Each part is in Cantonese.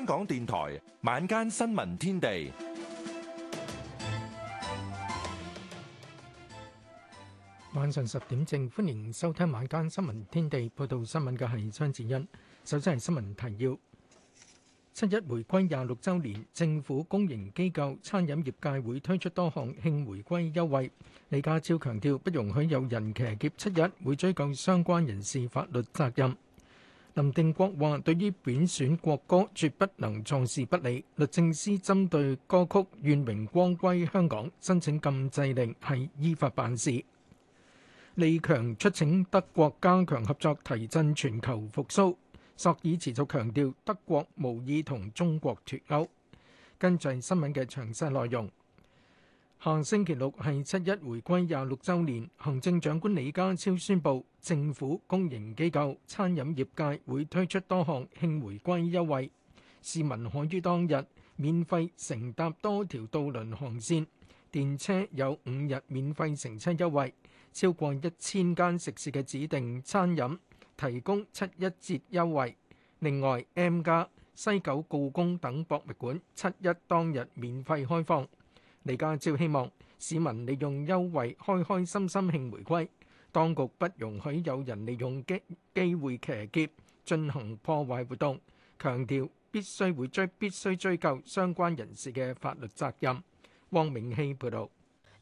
香港電台晚間新聞天地，晚上十點正，歡迎收聽晚間新聞天地。報道新聞嘅係張子欣。首先係新聞提要：七一回歸廿六周年，政府、公營機構、餐飲業界會推出多項慶回歸優惠。李家超強調，不容許有人騎劫七一，會追究相關人士法律責任。林定國話：對於貶損國歌，絕不能坐視不理。律政司針對歌曲《願榮光歸香港》申請禁制令，係依法辦事。李強出請德國加強合作，提振全球復蘇。朔爾持續強調，德國無意同中國脱鈎。跟住係新聞嘅詳細內容。下星期六係七一回歸廿六週年，行政長官李家超宣佈，政府、公營機構、餐飲業界會推出多項慶回歸優惠，市民可於當日免費乘搭多條渡輪航線，電車有五日免費乘車優惠，超過一千間食肆嘅指定餐飲提供七一折優惠。另外，M+、西九故宮等博物館七一當日免費開放。李家超希望市民利用優惠開開心心慶回歸，當局不容許有人利用機機會騎劫進行破壞活動，強調必須會追必須追究相關人士嘅法律責任。汪明希報導。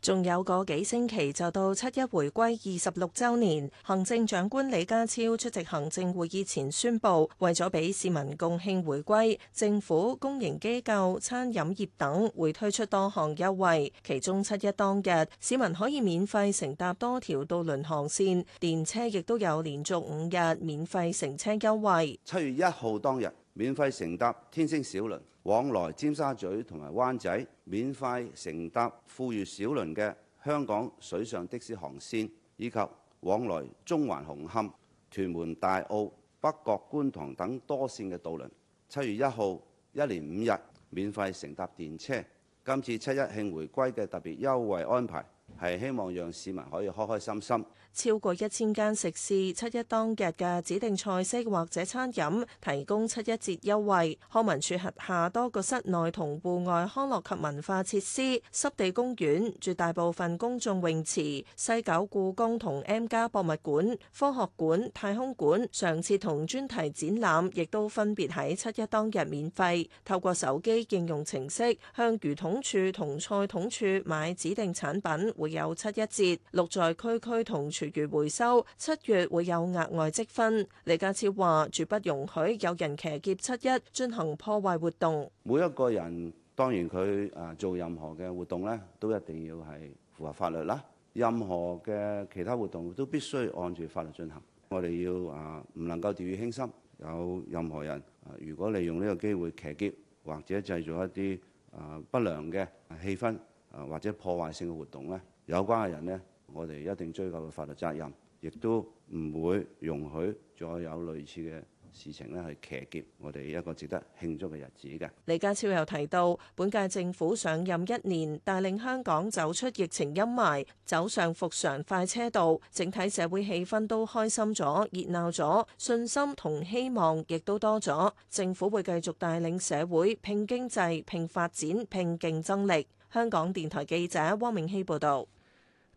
仲有個幾星期就到七一回歸二十六週年，行政長官李家超出席行政會議前宣布，為咗畀市民共慶回歸，政府、公營機構、餐飲業等會推出多項優惠。其中七一當日，市民可以免費乘搭多條渡輪航線，電車亦都有連續五日免費乘車優惠。七月一號當日，免費乘搭天星小輪。往來尖沙咀同埋灣仔免費乘搭富裕小輪嘅香港水上的士航線，以及往來中環紅磡、屯門大澳、北角觀塘等多線嘅渡輪。七月一號，一連五日免費乘搭電車。今次七一慶回歸嘅特別優惠安排，係希望讓市民可以開開心心。超過一千間食肆七一當日嘅指定菜式或者餐飲提供七一折優惠。康文署轄下多個室內同戶外康樂及文化設施、濕地公園、絕大部分公眾泳池、西九故宮同 M 家博物館、科學館、太空館、常設同專題展覽，亦都分別喺七一當日免費。透過手機應用程式向魚統處同菜統處買指定產品，會有七一折。六在區區同全。月回收，七月會有額外積分。李家超話：絕不容許有人騎劫七一進行破壞活動。每一個人當然佢啊做任何嘅活動呢都一定要係符合法律啦。任何嘅其他活動都必須按住法律進行。我哋要啊，唔能夠掉以輕心。有任何人啊，如果利用呢個機會騎劫或者製造一啲啊不良嘅氣氛啊，或者破壞性嘅活動呢，啊，有關嘅人呢。我哋一定追究個法律責任，亦都唔會容許再有類似嘅事情咧，去騎劫我哋一個值得慶祝嘅日子嘅。李家超又提到，本屆政府上任一年，帶領香港走出疫情陰霾，走上復常快車道，整體社會氣氛都開心咗、熱鬧咗，信心同希望亦都多咗。政府會繼續帶領社會拼經濟、拼發展、拼競爭力。香港電台記者汪明熙報道。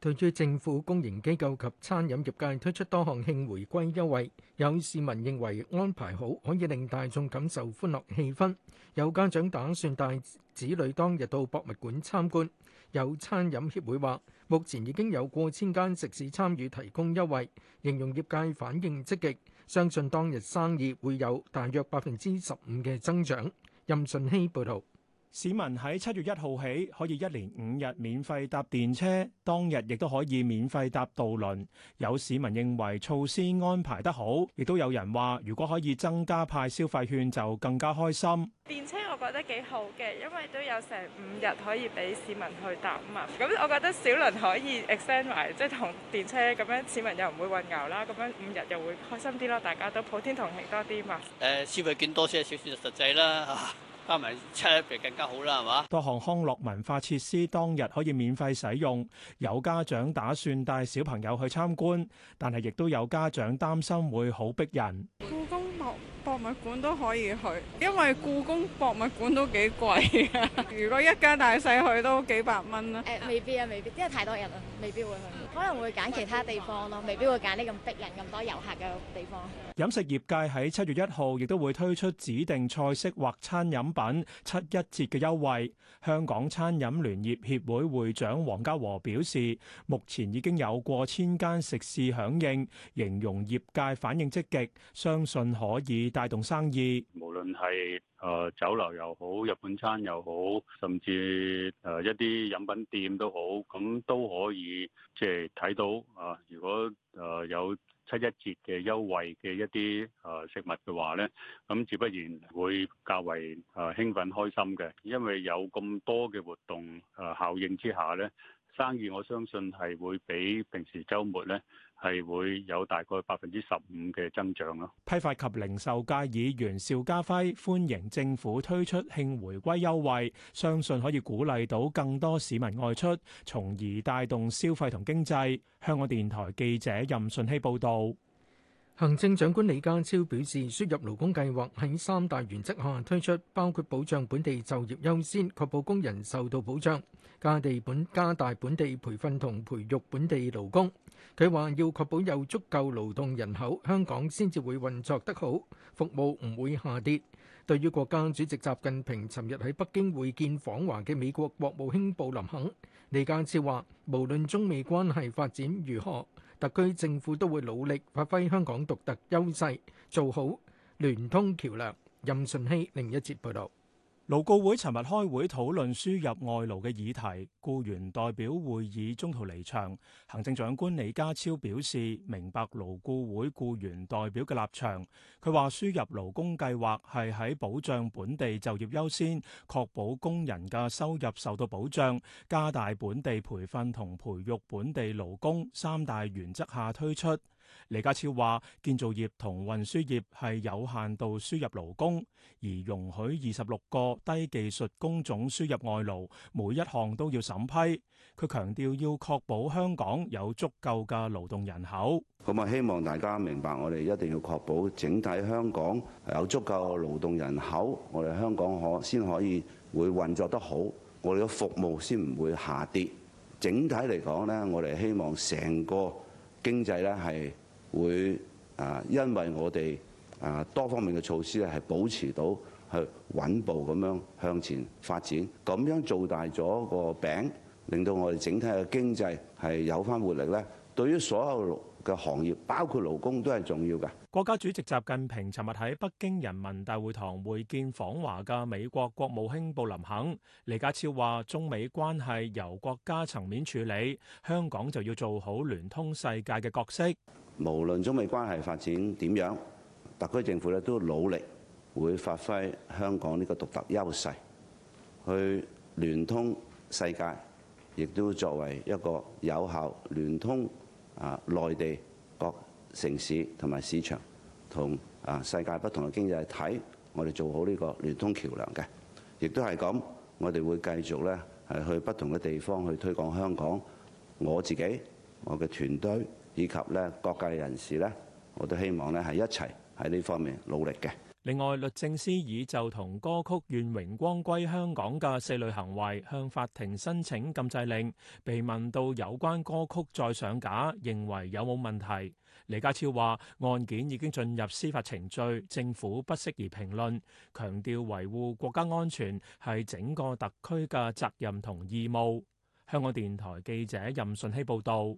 對於政府公營機構及餐飲業界推出多項慶回歸優惠，有市民認為安排好可以令大眾感受歡樂氣氛。有家長打算帶子女當日到博物館參觀。有餐飲協會話，目前已經有過千間食肆參與提供優惠，形容業界反應積極，相信當日生意會有大約百分之十五嘅增長。任順希報道。市民喺七月一號起可以一連五日免費搭電車，當日亦都可以免費搭渡輪。有市民認為措施安排得好，亦都有人話，如果可以增加派消費券就更加開心。電車我覺得幾好嘅，因為都有成五日可以俾市民去搭啊嘛。咁我覺得小輪可以 extend 埋，即係同電車咁樣，市民又唔會混淆啦。咁樣五日又會開心啲咯，大家都普天同慶多啲嘛。誒、呃，消費券多些少少就實際啦、啊加埋七一就更加好啦，係嘛？多項康樂文化設施當日可以免費使用，有家長打算帶小朋友去參觀，但係亦都有家長擔心會好逼人。故宮博博物館都可以去，因為故宮博物館都幾貴，如果一家大細去都幾百蚊啦。誒、呃，未必啊，未必，因為太多人啦，未必會去。可能會揀其他地方咯，未必會揀啲咁逼人、咁多遊客嘅地方。飲食業界喺七月一號亦都會推出指定菜式或餐飲品七一折嘅優惠。香港餐飲聯業協會會長黃家和表示，目前已經有過千間食肆響應，形容業界反應積極，相信可以帶動生意。無論係，誒酒樓又好，日本餐又好，甚至誒一啲飲品店都好，咁都可以即係睇到啊。如果誒有七一節嘅優惠嘅一啲誒食物嘅話咧，咁自不然會較為誒興奮開心嘅，因為有咁多嘅活動誒效應之下呢生意我相信係會比平時週末呢，係會有大概百分之十五嘅增長咯。批發及零售界議員邵家輝歡迎政府推出慶回歸優惠，相信可以鼓勵到更多市民外出，從而帶動消費同經濟。香港電台記者任順希報導。行政長官李家超表示，輸入勞工計劃喺三大原則下推出，包括保障本地就業優先，確保工人受到保障。加地本加大本地培訓同培育本地勞工，佢話要確保有足夠勞動人口，香港先至會運作得好，服務唔會下跌。對於國家主席習近平尋日喺北京會見訪華嘅美國國務卿布林肯，李家超話無論中美關係發展如何，特區政府都會努力發揮香港獨特優勢，做好聯通橋梁。任信」任順希另一節報道。勞僱會尋日開會討論輸入外勞嘅議題，僱員代表會議中途離場。行政長官李家超表示，明白勞僱會僱員代表嘅立場，佢話輸入勞工計劃係喺保障本地就業優先、確保工人嘅收入受到保障、加大本地培訓同培育本地勞工三大原則下推出。李家超話，建造業同運輸業係有限度輸入勞工，而容許二十六個低技術工種輸入外勞，每一項都要審批。佢強調要確保香港有足夠嘅勞動人口。咁啊，希望大家明白，我哋一定要確保整體香港有足夠嘅勞動人口，我哋香港可先可以會運作得好，我哋嘅服務先唔會下跌。整體嚟講呢，我哋希望成個經濟呢係會啊，因為我哋啊多方面嘅措施咧，係保持到去穩步咁樣向前發展，咁樣做大咗個餅，令到我哋整體嘅經濟係有返活力咧。對於所有嘅行業，包括勞工都係重要㗎。國家主席習近平尋日喺北京人民大會堂會見訪華嘅美國國務卿布林肯。李家超話：中美關係由國家層面處理，香港就要做好聯通世界嘅角色。無論中美關係發展點樣，特區政府咧都努力會發揮香港呢個獨特優勢，去聯通世界，亦都作為一個有效聯通啊內地各城市同埋市場同啊世界不同嘅經濟體，我哋做好呢個聯通橋梁嘅，亦都係咁，我哋會繼續咧係去不同嘅地方去推廣香港，我自己我嘅團隊。以及呢各界人士呢，我都希望呢係一齊喺呢方面努力嘅。另外，律政司已就同歌曲《願榮光歸香港》嘅四類行為向法庭申請禁制令。被問到有關歌曲再上架，認為有冇問題？李家超話：案件已經進入司法程序，政府不適宜評論。強調維護國家安全係整個特區嘅責任同義務。香港電台記者任順希報導。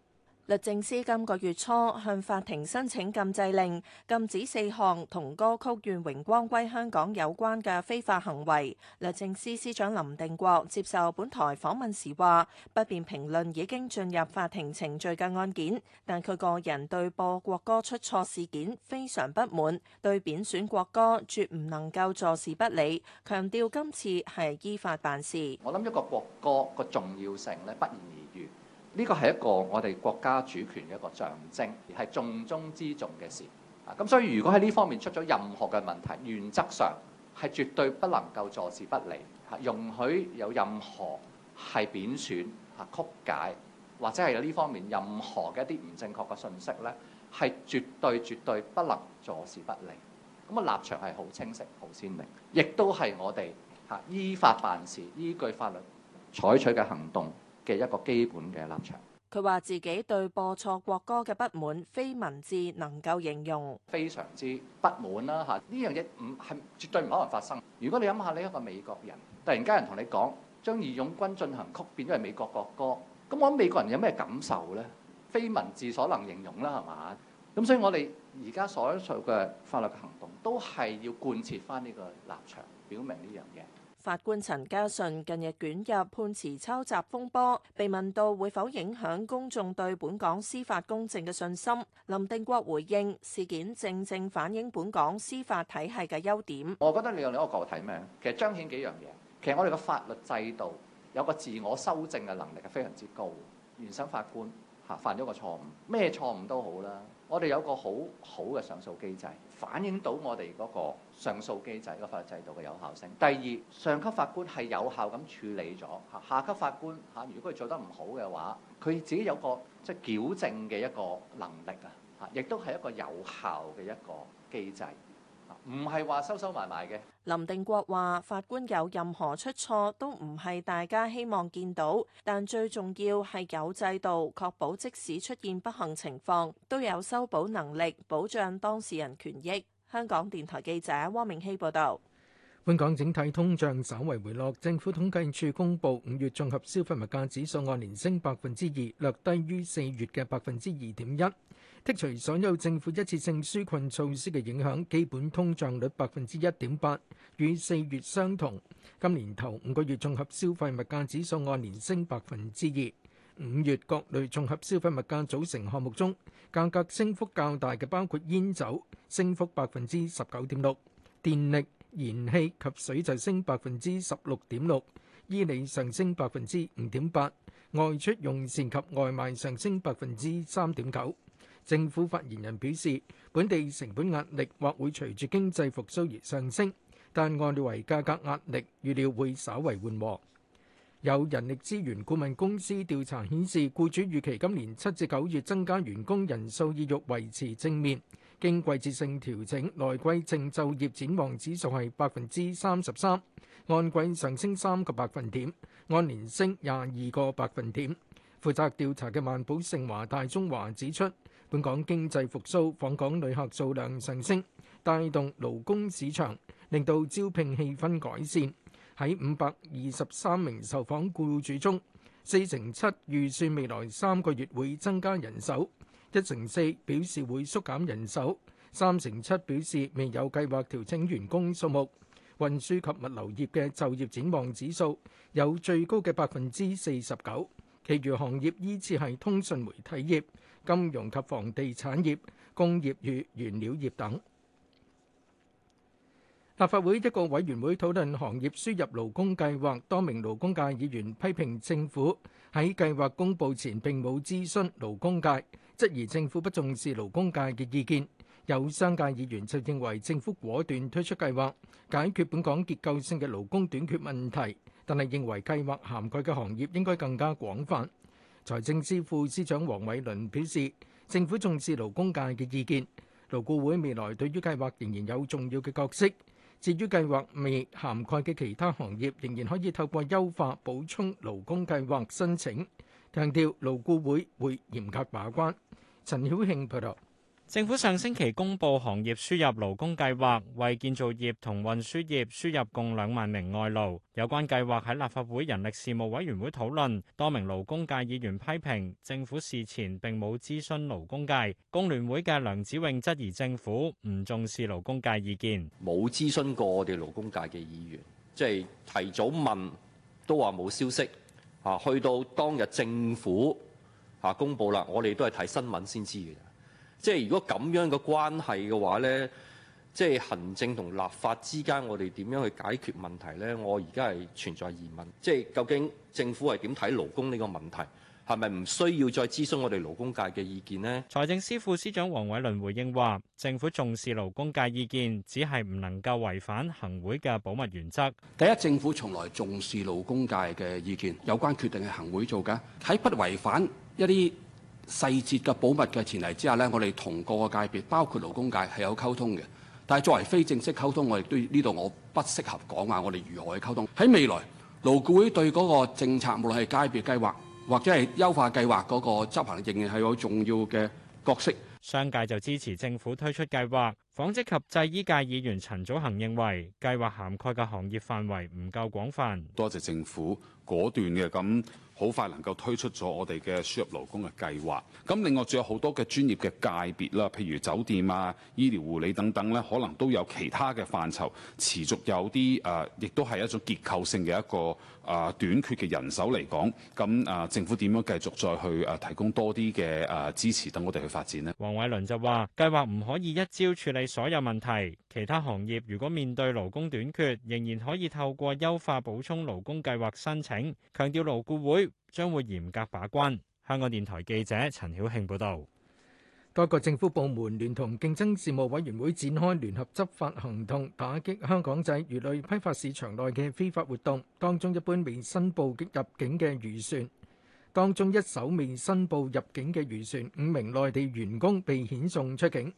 律政司今個月初向法庭申請禁制令，禁止四項同歌曲《願榮光歸香港》有關嘅非法行為。律政司司長林定國接受本台訪問時話，不便評論已經進入法庭程序嘅案件，但佢個人對播國歌出錯事件非常不滿，對貶損國歌絕唔能夠坐視不理，強調今次係依法辦事。我諗一個國歌個重要性呢，不言而喻。呢個係一個我哋國家主權嘅一個象徵，而係重中之重嘅事。咁、啊、所以如果喺呢方面出咗任何嘅問題，原則上係絕對不能夠坐視不理、啊，容許有任何係貶損、啊、曲解或者係有呢方面任何嘅一啲唔正確嘅信息呢，係絕對絕對不能坐視不理。咁啊，立場係好清晰、好鮮明，亦都係我哋嚇、啊、依法辦事、依據法律採取嘅行動。嘅一個基本嘅立場。佢話自己對播錯國歌嘅不滿，非文字能夠形容。非常之不滿啦嚇！呢樣嘢唔係絕對唔可能發生。如果你諗下，你一個美國人，突然間人同你講，將義勇軍進行曲變咗係美國國歌，咁我諗美國人有咩感受呢？非文字所能形容啦、啊，係嘛？咁所以我哋而家所做嘅法律行動，都係要貫徹翻呢個立場，表明呢樣嘢。法官陳家順近日捲入判詞抄襲風波，被問到會否影響公眾對本港司法公正嘅信心，林定國回應：事件正正反映本港司法體系嘅優點。我覺得你用另一個角度睇咩？其實彰顯幾樣嘢。其實我哋嘅法律制度有個自我修正嘅能力係非常之高。原審法官吓犯咗個錯誤，咩錯誤都好啦。我哋有個好好嘅上訴機制，反映到我哋嗰個上訴機制個法律制度嘅有效性。第二，上級法官係有效咁處理咗，下級法官吓，如果佢做得唔好嘅話，佢自己有個即係矯正嘅一個能力啊，亦都係一個有效嘅一個機制，唔係話收收埋埋嘅。林定國話：法官有任何出錯都唔係大家希望見到，但最重要係有制度，確保即使出現不幸情況，都有修補能力，保障當事人權益。香港電台記者汪明希報道。本港整體通脹稍為回落，政府統計處公布五月綜合消費物價指數按年升百分之二，略低於四月嘅百分之二點一。剔除所有政府一次性紓困措施嘅影響，基本通脹率百分之一點八，與四月相同。今年頭五個月綜合消費物價指數按年升百分之二。五月各類綜合消費物價組成項目中，價格升幅較大嘅包括煙酒，升幅百分之十九點六，電力，燃氣及水就升百分之十六點六，衣履上升百分之五點八，外出用膳及外賣上升百分之三點九。政府發言人表示，本地成本壓力或會隨住經濟復甦而上升，但外來為價格壓力，預料會稍為緩和。有人力資源顧問公司調查顯示，僱主預期今年七至九月增加員工人數意欲維持正面。經季節性調整，來季淨就業展望指數係百分之三十三，按季上升三個百分點，按年升廿二個百分點。負責調查嘅萬寶盛華大中華指出，本港經濟復甦、訪港旅客數量上升，帶動勞工市場，令到招聘氣氛改善。喺五百二十三名受訪僱主中，四成七預算未來三個月會增加人手。一成四表示會縮減人手，三成七表示未有計劃調整員工數目。運輸及物流業嘅就業展望指數有最高嘅百分之四十九，其餘行業依次係通訊媒體業、金融及房地產業、工業與原料業等。立法會一個委員會討論行業輸入勞工計劃，多名勞工界議員批評政府喺計劃公布前並冇諮詢勞工界。質疑政府不重視勞工界嘅意見，有商界議員就認為政府果斷推出計劃，解決本港結構性嘅勞工短缺問題，但係認為計劃涵蓋嘅行業應該更加廣泛。財政司副司長黃偉綸表示，政府重視勞工界嘅意見，勞顧會未來對於計劃仍然有重要嘅角色。至於計劃未涵蓋嘅其他行業，仍然可以透過優化補充勞工計劃申請，強調勞顧會會嚴格把關。陳曉慶報道，政府上星期公布行業輸入勞工計劃，為建造業同運輸業輸入共兩萬名外勞。有關計劃喺立法會人力事務委員會討論，多名勞工界議員批評政府事前並冇諮詢勞工界。工聯會嘅梁子穎質疑政府唔重視勞工界意見，冇諮詢過我哋勞工界嘅議員，即係提早問都話冇消息啊，去到當日政府。吓公布啦！我哋都係睇新聞先知嘅，即係如果咁樣嘅關係嘅話呢，即係行政同立法之間，我哋點樣去解決問題呢？我而家係存在疑問，即係究竟政府係點睇勞工呢個問題？係咪唔需要再諮詢我哋勞工界嘅意見呢？財政司副司長黃偉倫回應話，政府重視勞工界意見，只係唔能夠違反行會嘅保密原則。第一，政府從來重視勞工界嘅意見，有關決定係行會做㗎，喺不違反一啲細節嘅保密嘅前提之下呢，我哋同各個界別，包括勞工界係有溝通嘅。但係作為非正式溝通，我亦都呢度我不適合講話我哋如何去溝通，喺未來勞顧會對嗰個政策，無論係界別計劃。或者係優化計劃嗰個執行，仍然係好重要嘅角色。商界就支持政府推出計劃。紡織及製衣界議員陳祖恒認為，計劃涵蓋嘅行業範圍唔夠廣泛。多謝政府果斷嘅，咁好快能夠推出咗我哋嘅輸入勞工嘅計劃。咁另外仲有好多嘅專業嘅界別啦，譬如酒店啊、醫療護理等等咧，可能都有其他嘅範疇，持續有啲誒，亦都係一種結構性嘅一個。啊，短缺嘅人手嚟講，咁啊，政府點樣繼續再去啊，提供多啲嘅啊支持，等我哋去發展呢？黃偉綸就話：計劃唔可以一朝處理所有問題，其他行業如果面對勞工短缺，仍然可以透過優化補充勞工計劃申請。強調勞顧會將會嚴格把關。香港電台記者陳曉慶報道。多個政府部門聯同競爭事務委員會展開聯合執法行動，打擊香港仔魚類批發市場內嘅非法活動，當中一般未申報入境嘅漁船，當中一艘未申報入境嘅漁船，五名內地員工被遣送出境。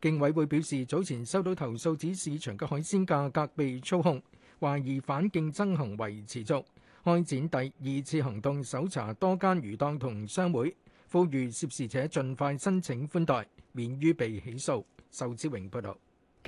競委會表示，早前收到投訴指市場嘅海鮮價格被操控，懷疑反競爭行為持續，開展第二次行動，搜查多間魚檔同商會。呼籲涉事者盡快申請寬待，免於被起訴。仇志榮報道。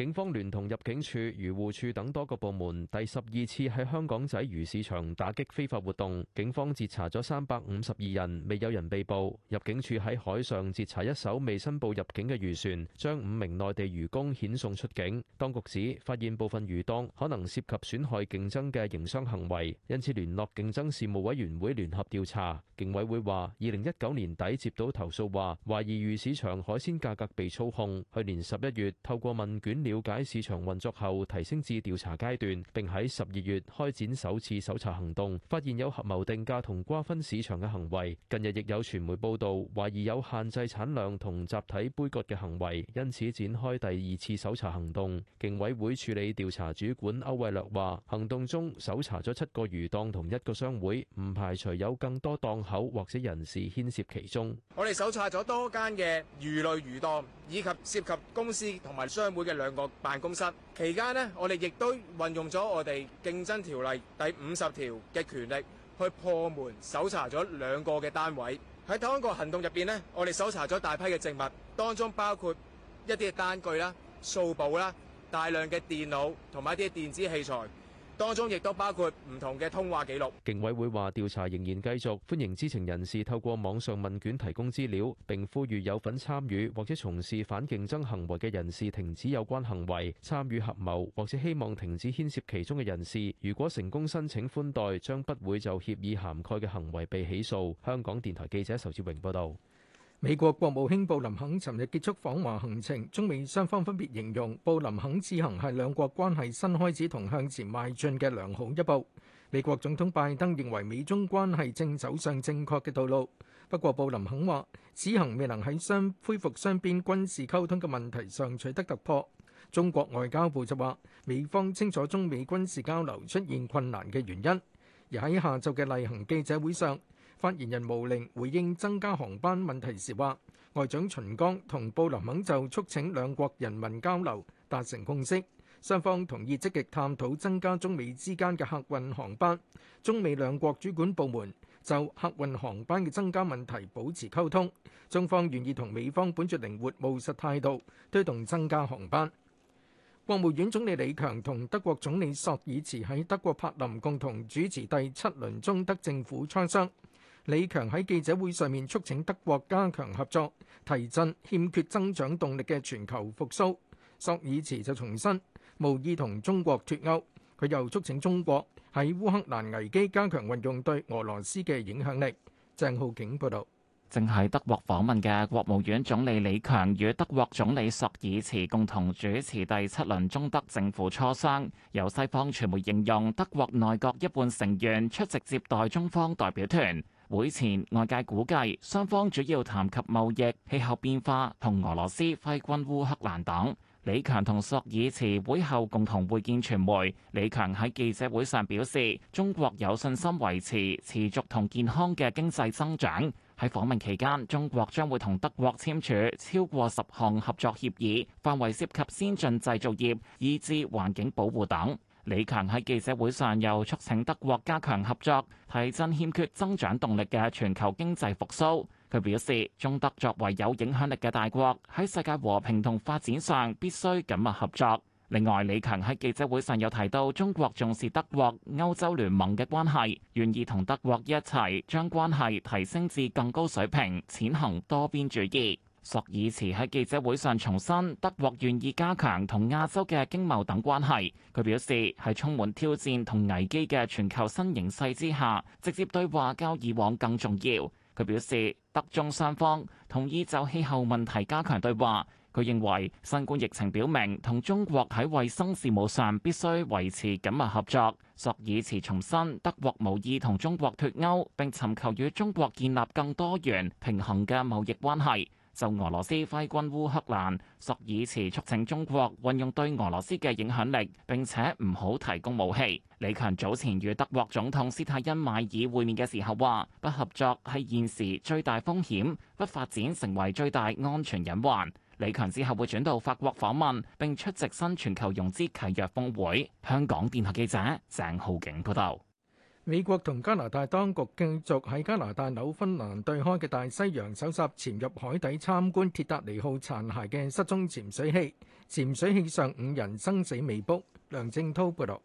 警方聯同入境處、漁護處等多個部門，第十二次喺香港仔漁市場打擊非法活動。警方截查咗三百五十二人，未有人被捕。入境處喺海上截查一艘未申報入境嘅漁船，將五名內地漁工遣送出境。當局指發現部分漁檔可能涉及損害競爭嘅營商行為，因此聯絡競爭事務委員會聯合調查。競委會話：二零一九年底接到投訴，話懷疑漁市場海鮮價格，格被操控。去年十一月透過問卷，了解市場運作後，提升至調查階段，並喺十二月開展首次搜查行動，發現有合謀定價同瓜分市場嘅行為。近日亦有傳媒報道，懷疑有限制產量同集體杯葛嘅行為，因此展開第二次搜查行動。競委會處理調查主管歐惠略話，行動中搜查咗七個魚檔同一個商會，唔排除有更多檔口或者人士牽涉其中。我哋搜查咗多間嘅魚類魚檔，以及涉及公司同埋商會嘅兩。個辦公室期間呢，我哋亦都運用咗我哋競爭條例第五十條嘅權力，去破門搜查咗兩個嘅單位。喺同一個行動入邊呢，我哋搜查咗大批嘅證物，當中包括一啲嘅單據啦、數簿啦、大量嘅電腦同埋一啲電子器材。當中亦都包括唔同嘅通話記錄。警委會話調查仍然繼續，歡迎知情人士透過網上問卷提供資料，並呼籲有份參與或者從事反競爭行為嘅人士停止有關行為，參與合謀或者希望停止牽涉其中嘅人士。如果成功申請寬待，將不會就協議涵蓋嘅行為被起訴。香港電台記者仇志榮報道。美國國務卿布林肯尋日結束訪華行程，中美雙方分別形容布林肯此行係兩國關係新開始同向前邁進嘅良好一步。美國總統拜登認為美中關係正走上正確嘅道路，不過布林肯話此行未能喺雙恢復雙邊軍事溝通嘅問題上取得突破。中國外交部就話美方清楚中美軍事交流出現困難嘅原因，而喺下晝嘅例行記者會上。發言人毛寧回應增加航班問題時話，外長秦剛同布林肯就促請兩國人民交流達成共識，雙方同意積極探討增加中美之間嘅客運航班。中美兩國主管部門就客運航班嘅增加問題保持溝通，中方願意同美方本着靈活務實態度推動增加航班。國務院總理李強同德國總理朔爾茨喺德國柏林共同主持第七輪中德政府磋商。李強喺記者會上面促請德國加強合作，提振欠缺增長動力嘅全球復蘇。朔爾茨就重申無意同中國脫鉤，佢又促請中國喺烏克蘭危機加強運用對俄羅斯嘅影響力。鄭浩景報道，正喺德國訪問嘅國務院總理李強與德國總理朔爾茨共同主持第七輪中德政府磋商，由西方傳媒形容德國內閣一半成員出席接待中方代表團。會前外界估計，雙方主要談及貿易、氣候變化同俄羅斯揮軍烏克蘭等。李強同索爾茨會後共同會見傳媒。李強喺記者會上表示，中國有信心維持持續同健康嘅經濟增長。喺訪問期間，中國將會同德國簽署超過十項合作協議，範圍涉及先進製造業、以至環境保護等。李強喺記者會上又促請德國加強合作，提振欠缺增長動力嘅全球經濟復甦。佢表示，中德作為有影響力嘅大國，喺世界和平同發展上必須緊密合作。另外，李強喺記者會上又提到，中國重視德國、歐洲聯盟嘅關係，願意同德國一齊將關係提升至更高水平，踐行多邊主義。索爾茨喺記者會上重申，德國願意加強同亞洲嘅經貿等關係。佢表示，喺充滿挑戰同危機嘅全球新形勢之下，直接對話較以往更重要。佢表示，德中雙方同意就氣候問題加強對話。佢認為，新冠疫情表明同中國喺衞生事務上必須維持緊密合作。索爾茨重申，德國無意同中國脫鉤，並尋求與中國建立更多元平衡嘅貿易關係。就俄羅斯揮軍烏克蘭，索爾茨促請中國運用對俄羅斯嘅影響力，並且唔好提供武器。李強早前與德國總統施泰因邁爾會面嘅時候話：不合作係現時最大風險，不發展成為最大安全隱患。李強之後會轉到法國訪問並出席新全球融資契約峰會。香港電台記者鄭浩景報道。美國同加拿大當局繼續喺加拿大紐芬蘭對開嘅大西洋搜索潛入海底參觀鐵達尼號殘骸嘅失蹤潛水器，潛水器上五人生死未卜。梁正濤報道。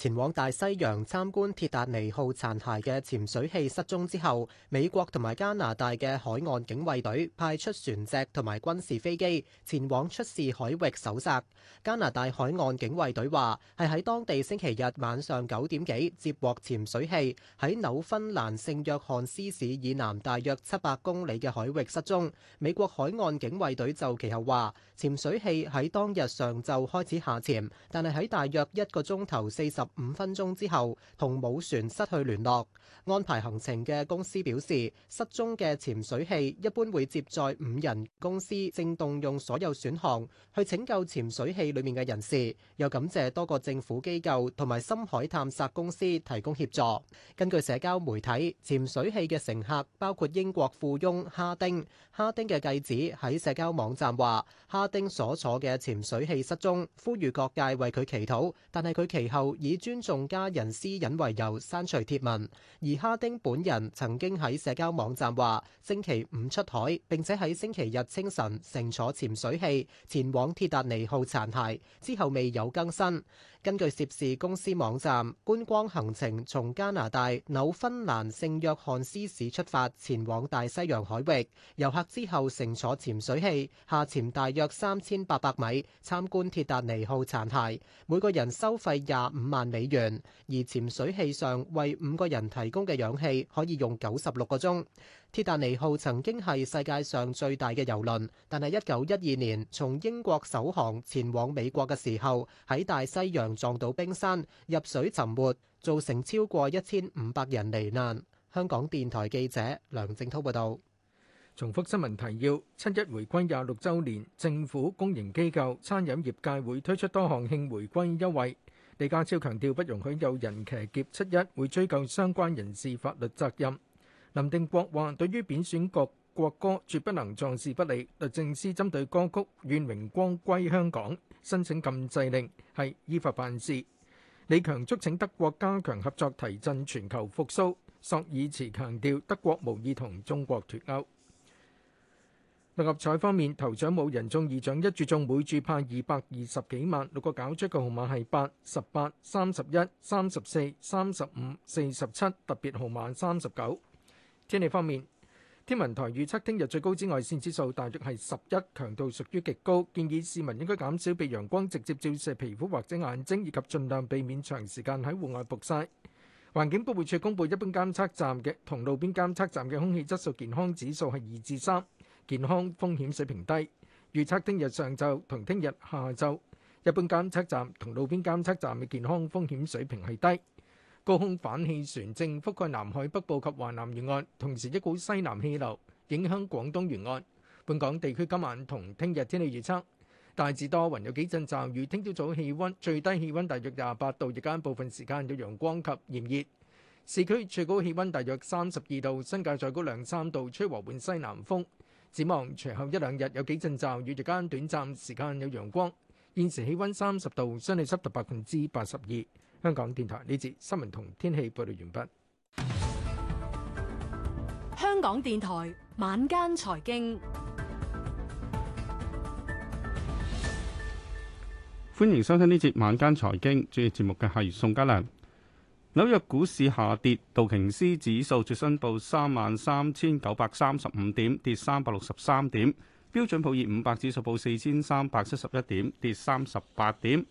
前往大西洋參觀鐵達尼號殘骸嘅潛水器失蹤之後，美國同埋加拿大嘅海岸警衛隊派出船隻同埋軍事飛機前往出事海域搜查。加拿大海岸警衛隊話係喺當地星期日晚上九點幾接獲潛水器喺紐芬蘭聖約翰斯市以南大約七百公里嘅海域失蹤。美國海岸警衛隊就其後話潛水器喺當日上晝開始下潛，但係喺大約一個鐘頭四十。五分鐘之後同母船失去聯絡，安排行程嘅公司表示，失蹤嘅潛水器一般會接載五人，公司正動用所有選項去拯救潛水器裡面嘅人士，又感謝多個政府機構同埋深海探索公司提供協助。根據社交媒體，潛水器嘅乘客包括英國富翁哈丁，哈丁嘅繼子喺社交網站話，哈丁所坐嘅潛水器失蹤，呼籲各界為佢祈禱，但係佢其後以尊重家人私隱為由刪除貼文，而哈丁本人曾經喺社交網站話星期五出海，並且喺星期日清晨乘坐潛水器前往鐵達尼號殘骸，之後未有更新。根據涉事公司網站，觀光行程從加拿大紐芬蘭聖約翰斯市出發，前往大西洋海域。遊客之後乘坐潛水器下潛大約三千八百米，參觀鐵達尼號殘骸。每個人收費廿五萬美元，而潛水器上為五個人提供嘅氧氣可以用九十六個鐘。鐵達尼號曾經係世界上最大嘅郵輪，但係一九一二年從英國首航前往美國嘅時候，喺大西洋撞到冰山入水沉沒，造成超過一千五百人罹難。香港電台記者梁正滔報導。重複新聞提要：七一回歸廿六週年，政府、公營機構、餐飲業界會推出多項慶回歸優惠。李家超強調不容許有人騎劫七一，會追究相關人士法律責任。林定國話，對於貶損國國歌，絕不能壯士不理。律政司針對歌曲《願榮光歸香港》申請禁制令，係依法辦事。李強促請德國加強合作，提振全球復蘇。索爾茨強調，德國無意同中國脫歐。六合彩方面，頭獎冇人中，二獎一注中，每注派二百二十幾萬。六個攪出嘅號碼係八、十八、三十一、三十四、三十五、四十七，特別號碼三十九。天氣方面，天文台預測聽日最高紫外線指數大約係十一，強度屬於極高，建議市民應該減少被陽光直接照射皮膚或者眼睛，以及盡量避免長時間喺戶外曝曬。環境保護署公布，一般監測站嘅同路邊監測站嘅空氣質素健康指數係二至三，健康風險水平低。預測聽日上晝同聽日下晝，一般監測站同路邊監測站嘅健康風險水平係低。高空反氣旋正覆蓋南海北部及華南沿岸，同時一股西南氣流影響廣東沿岸。本港地區今晚同聽日天，天氣預測，大致多雲有幾陣驟雨，聽朝早氣温最低氣温大約廿八度，日間部分時間有陽光及炎熱。市區最高氣温大約三十二度，新界再高兩三度，吹和緩西南風。展望隨後一兩日有幾陣驟雨，日間短暫時間有陽光。現時氣温三十度，相對濕度百分之八十二。香港電台呢節新聞同天氣報道完畢。香港電台晚間財經，歡迎收聽呢節晚間財經。主持節目嘅係宋嘉良。紐約股市下跌，道瓊斯指數最新報三萬三千九百三十五點，跌三百六十三點。標準普爾五百指數報四千三百七十一點，跌三十八點。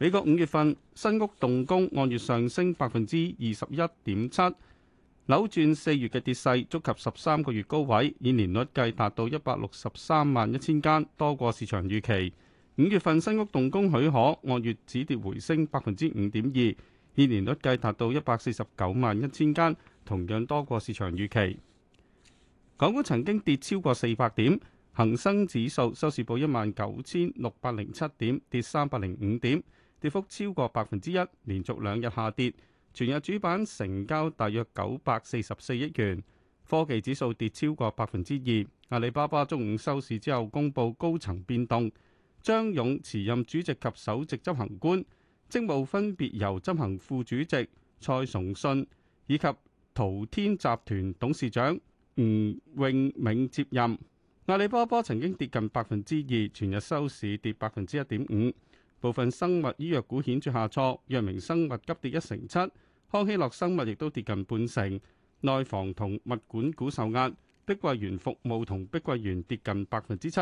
美國五月份新屋動工按月上升百分之二十一點七，扭轉四月嘅跌勢，觸及十三個月高位，以年率計達到一百六十三萬一千間，多過市場預期。五月份新屋動工許可按月止跌回升百分之五點二，以年率計達到一百四十九萬一千間，同樣多過市場預期。港股曾經跌超過四百點，恒生指數收市報一萬九千六百零七點，跌三百零五點。跌幅超過百分之一，連續兩日下跌。全日主板成交大約九百四十四億元。科技指數跌超過百分之二。阿里巴巴中午收市之後公佈高層變動，張勇辭任主席及首席執行官，職務分別由執行副主席蔡崇信以及淘天集團董事長吳泳銘接任。阿里巴巴曾經跌近百分之二，全日收市跌百分之一點五。部分生物醫藥股顯著下挫，藥明生物急跌一成七，康希諾生物亦都跌近半成，內房同物管股受壓，碧桂園服務同碧桂園跌近百分之七。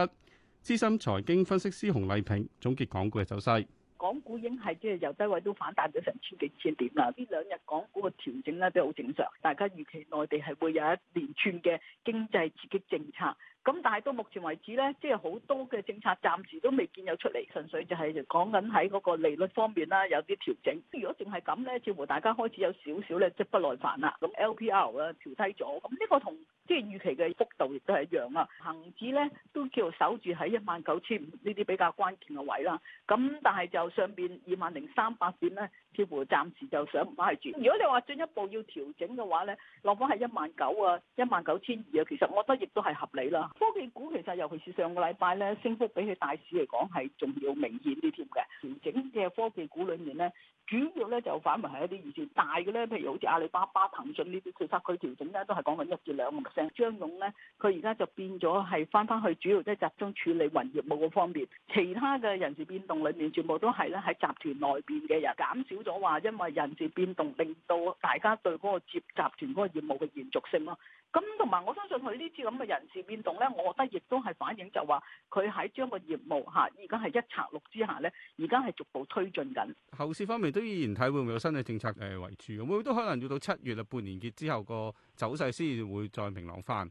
資深財經分析師洪麗萍總結港股嘅走勢：港股已經係即係由低位都反彈咗成千幾千點啦，呢兩日港股嘅調整咧都好正常，大家預期內地係會有一連串嘅經濟刺激政策。咁但係到目前為止咧，即係好多嘅政策暫時都未見有出嚟，純粹就係講緊喺嗰個利率方面啦，有啲調整。如果淨係咁咧，似乎大家開始有少少咧，即不耐煩啦。咁 LPR 啊調低咗，咁呢個同即係預期嘅幅度亦都係一樣啊。恒指咧都叫守住喺一萬九千五呢啲比較關鍵嘅位啦。咁但係就上邊二萬零三百點咧。呢似乎暫時就想唔返去住。如果你話進一步要調整嘅話呢，落幅係一萬九啊，一萬九千二啊，其實我覺得亦都係合理啦。科技股其實尤其是上個禮拜呢，升幅比起大市嚟講係仲要明顯啲添嘅。調整嘅科技股裏面呢。主要咧就反為係一啲人事大嘅咧，譬如好似阿里巴巴、騰訊呢啲，佢插佢調整咧都係講緊一至兩個 percent。張勇咧，佢而家就變咗係翻翻去主要咧集中處理雲業務個方面，其他嘅人事變動裡面全部都係咧喺集團內邊嘅人，減少咗話因為人事變動令到大家對嗰個接集團嗰個業務嘅延續性咯。咁同埋，我相信佢呢次咁嘅人事變動呢，我覺得亦都係反映就話，佢喺將個業務吓而家係一拆六之下呢，而家係逐步推進緊，後市方面都依然睇會唔會有新嘅政策誒為主，咁會唔會都可能要到七月啦，半年結之後個走勢先至會再明朗翻。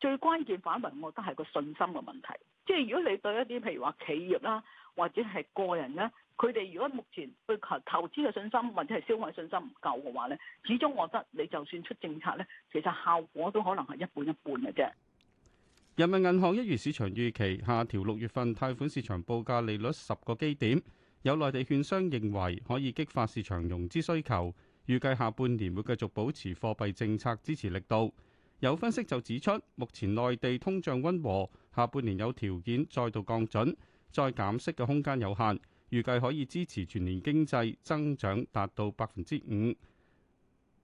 最關鍵反為我覺得係個信心嘅問題，即係如果你對一啲譬如話企業啦、啊，或者係個人咧、啊。佢哋如果目前對投資嘅信心或者係消費信心唔夠嘅話咧，始終我覺得你就算出政策咧，其實效果都可能係一半一半嘅啫。人民銀行一月市場預期下調六月份貸款市場報價利率十個基點，有內地券商認為可以激發市場融資需求，預計下半年會繼續保持貨幣政策支持力度。有分析就指出，目前內地通脹溫和，下半年有條件再度降準再減息嘅空間有限。預計可以支持全年經濟增長達到百分之五。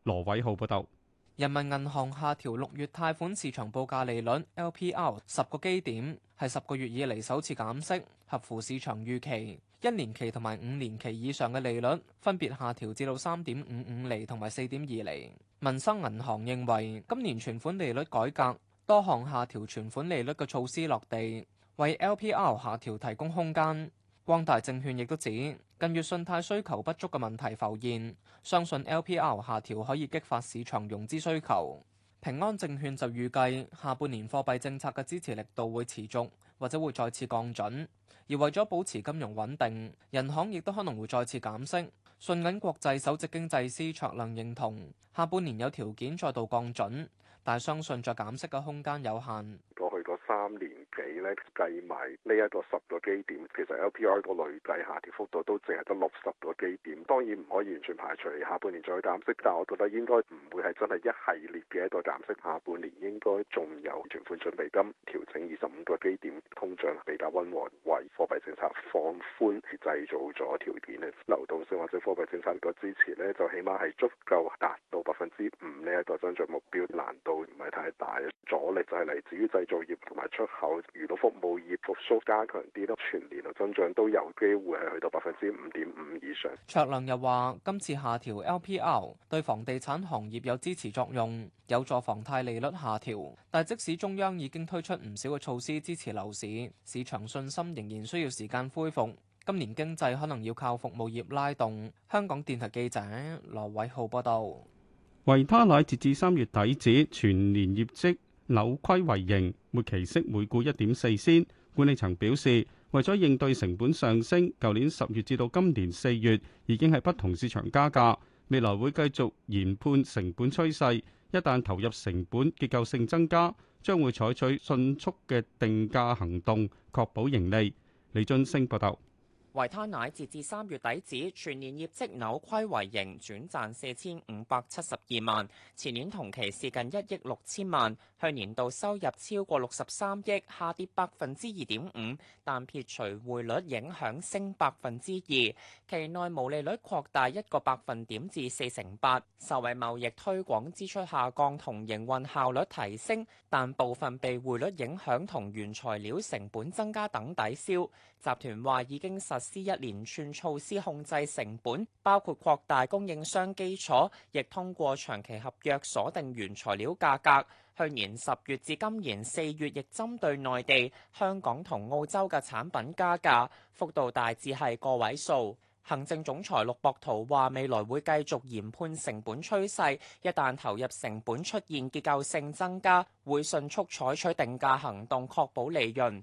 羅偉浩報道，人民銀行下調六月貸款市場報價利率 （LPR） 十個基點，係十個月以嚟首次減息，合乎市場預期。一年期同埋五年期以上嘅利率分別下調至到三點五五厘同埋四點二厘。民生銀行認為，今年存款利率改革多項下調存款利率嘅措施落地，為 LPR 下調提供空間。光大證券亦都指，近月信貸需求不足嘅問題浮現，相信 LPR 下調可以激發市場融資需求。平安證券就預計，下半年貨幣政策嘅支持力度會持續，或者會再次降準。而為咗保持金融穩定，人行亦都可能會再次減息。信銀國際首席經濟師卓亮認同，下半年有條件再度降準，但相信再減息嘅空間有限。過去嗰三年。幾咧計埋呢一個十個基點，其實 LPR 個累計下跌幅度都淨係得六十個基點。當然唔可以完全排除下半年再減息，但係我覺得應該唔會係真係一系列嘅一個減息。下半年應該仲有存款準備金調整二十五個基點，通脹比較溫和，為貨幣政策放寬製造咗條件咧，流動性或者貨幣政策嘅支持呢，就起碼係足夠達到百分之五呢一個增長目標，難度唔係太大。阻力就係嚟自於製造業同埋出口。娛樂服務業復甦加強啲咯，全年嘅增長都有機會係去到百分之五點五以上。卓亮又話：今次下調 LPR 對房地產行業有支持作用，有助房貸利率下調。但即使中央已經推出唔少嘅措施支持樓市，市場信心仍然需要時間恢復。今年經濟可能要靠服務業拉動。香港電台記者羅偉浩報道。維他奶截至三月底止，全年業績。扭虧為盈，末期息每股一點四仙。管理層表示，為咗應對成本上升，舊年十月至到今年四月已經係不同市場加價，未來會繼續研判成本趨勢。一旦投入成本結構性增加，將會採取迅速嘅定價行動，確保盈利。李俊升報道。維他奶截至三月底止，全年業績扭虧為盈，轉賺四千五百七十二萬，前年同期是近一億六千萬，去年度收入超過六十三億，下跌百分之二點五。但撇除匯率影響升百分之二，期內毛利率擴大一個百分點至四成八。受惠貿易推廣支出下降同營運效率提升，但部分被匯率影響同原材料成本增加等抵消。集團話已經實施一連串措施控制成本，包括擴大供應商基礎，亦通過長期合約鎖定原材料價格。去年十月至今年四月，亦針對內地、香港同澳洲嘅產品加價，幅度大致係個位數。行政總裁陸博圖話：未來會繼續研判成本趨勢，一旦投入成本出現結構性增加，會迅速採取定價行動，確保利潤。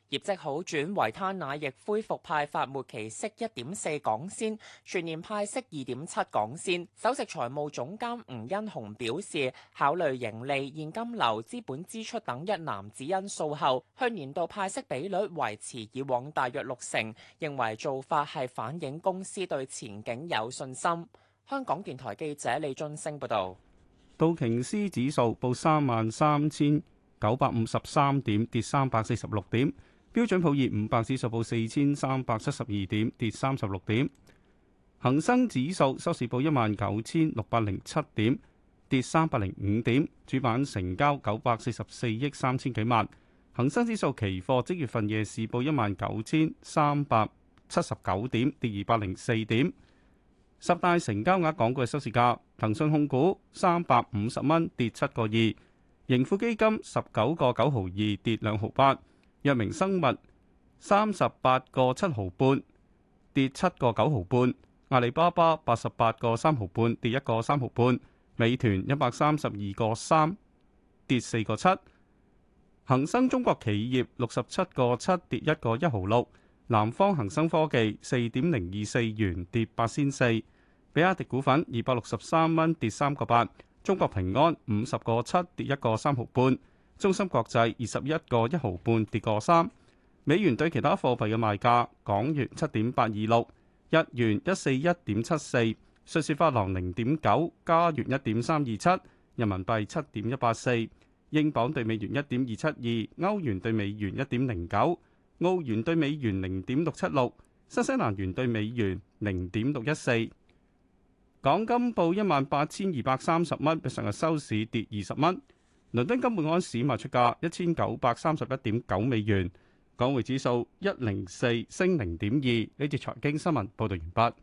業績好轉，維他奶亦恢復派發末期息一點四港仙，全年派息二點七港仙。首席財務總監吳欣雄表示，考慮盈利、現金流、資本支出等一籃子因素後，去年度派息比率維持以往大約六成，認為做法係反映公司對前景有信心。香港電台記者李津升報導。道瓊斯指數報三萬三千九百五十三點，跌三百四十六點。標準普爾五百指數報四千三百七十二點，跌三十六點。恒生指數收市報一萬九千六百零七點，跌三百零五點。主板成交九百四十四億三千幾萬。恒生指數期貨即月份夜市報一萬九千三百七十九點，跌二百零四點。十大成交額港股嘅收市價，騰訊控股三百五十蚊，跌七個二；盈富基金十九個九毫二，跌兩毫八。藥明生物三十八個七毫半，跌七個九毫半；阿里巴巴八十八個三毫半，跌一個三毫半；美團一百三十二個三，跌四個七；恒生中國企業六十七個七，跌一個一毫六；南方恒生科技四點零二四元，跌八仙四；比亞迪股份二百六十三蚊，跌三個八；中國平安五十個七，跌一個三毫半。中芯國際二十一個一毫半跌個三，美元對其他貨幣嘅賣價，港元七點八二六，日元一四一點七四，瑞士法郎零點九，加元一點三二七，人民幣七點一八四，英鎊對美元一點二七二，歐元對美元一點零九，澳元對美元零點六七六，新西蘭元對美元零點六一四。港金報一萬八千二百三十蚊，比上日收市跌二十蚊。倫敦金每安士賣出價一千九百三十一點九美元，港匯指數一零四升零點二。呢次財經新聞報道完畢。